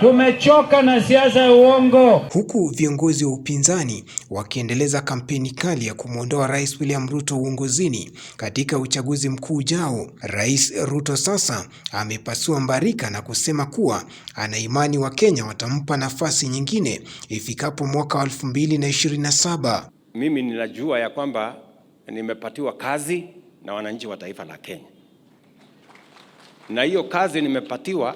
Tumechoka na siasa ya uongo. Huku viongozi wa upinzani wakiendeleza kampeni kali ya kumwondoa Rais William Ruto uongozini katika uchaguzi mkuu ujao, Rais Ruto sasa amepasua mbarika na kusema kuwa ana imani Wakenya watampa nafasi nyingine ifikapo mwaka wa 2027. Mimi ninajua ya kwamba nimepatiwa kazi na wananchi wa taifa la Kenya, na hiyo kazi nimepatiwa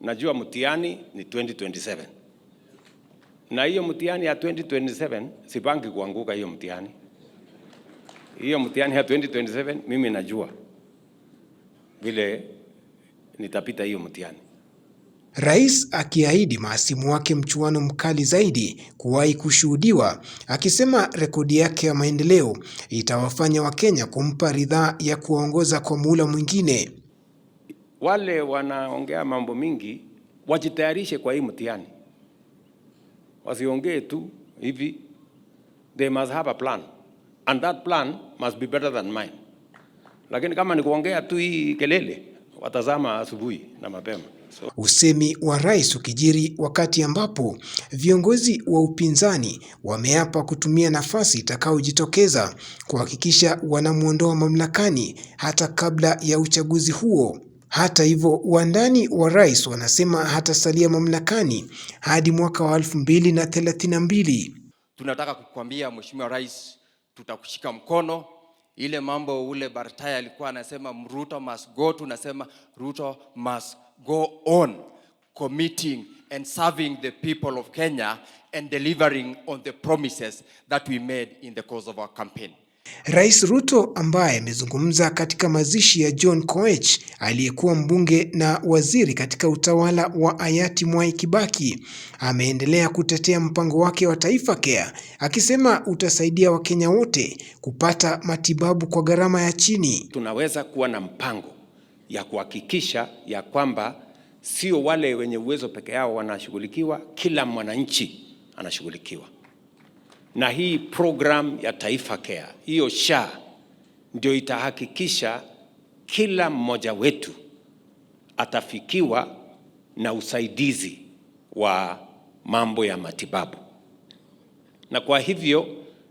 najua mtihani ni 2027 na hiyo mtihani ya 2027 sipangi kuanguka. Hiyo mtihani hiyo mtihani ya 2027 mimi najua vile nitapita hiyo mtihani. Rais akiahidi maasimu wake mchuano mkali zaidi kuwahi kushuhudiwa, akisema rekodi yake ya maendeleo itawafanya Wakenya kumpa ridhaa ya kuongoza kwa muhula mwingine wale wanaongea mambo mingi wajitayarishe kwa hii mtihani, wasiongee tu hivi. They must have a plan and that plan must be better than mine. Lakini kama ni kuongea tu hii kelele, watazama asubuhi na mapema. So, usemi wa rais ukijiri wakati ambapo viongozi wa upinzani wameapa kutumia nafasi itakayojitokeza kuhakikisha wanamwondoa mamlakani hata kabla ya uchaguzi huo hata hivyo wandani wa rais wanasema hatasalia mamlakani hadi mwaka wa elfu mbili na thelathini na mbili. Tunataka kukwambia Mheshimiwa Rais, tutakushika mkono. Ile mambo ule bartai alikuwa anasema Ruto must go, tunasema Ruto must go on committing and serving the people of Kenya and delivering on the promises that we made in the course of our campaign. Rais Ruto ambaye amezungumza katika mazishi ya John Koech aliyekuwa mbunge na waziri katika utawala wa hayati Mwai Kibaki ameendelea kutetea mpango wake wa Taifa Care akisema utasaidia Wakenya wote kupata matibabu kwa gharama ya chini. Tunaweza kuwa na mpango ya kuhakikisha ya kwamba sio wale wenye uwezo peke yao wanashughulikiwa, kila mwananchi anashughulikiwa na hii program ya Taifa Care hiyo SHA ndio itahakikisha kila mmoja wetu atafikiwa na usaidizi wa mambo ya matibabu. Na kwa hivyo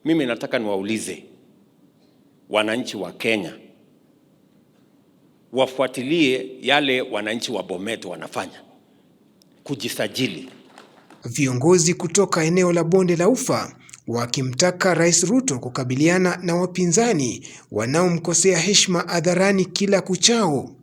mimi nataka niwaulize wananchi wa Kenya wafuatilie yale wananchi wa Bomet wanafanya kujisajili. Viongozi kutoka eneo la Bonde la Ufa wakimtaka Rais Ruto kukabiliana na wapinzani wanaomkosea heshima hadharani kila kuchao.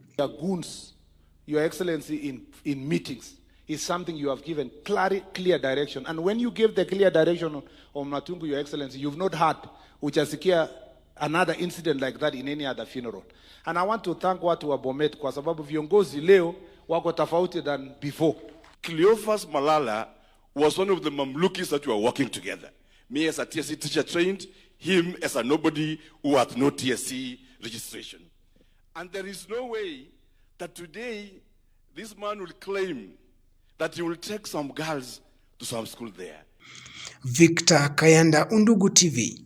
Another incident like that in any other funeral. And I want to thank watu wa Bomet kwa sababu viongozi leo wako tofauti than before. Cleophas Malala was one of the Mamlukis that are working together me as a TSC teacher trained, him as a nobody who had no TSC registration. And there is no way that today this man will claim that he will take some girls to some school there. Victor Kayanda, Undugu TV.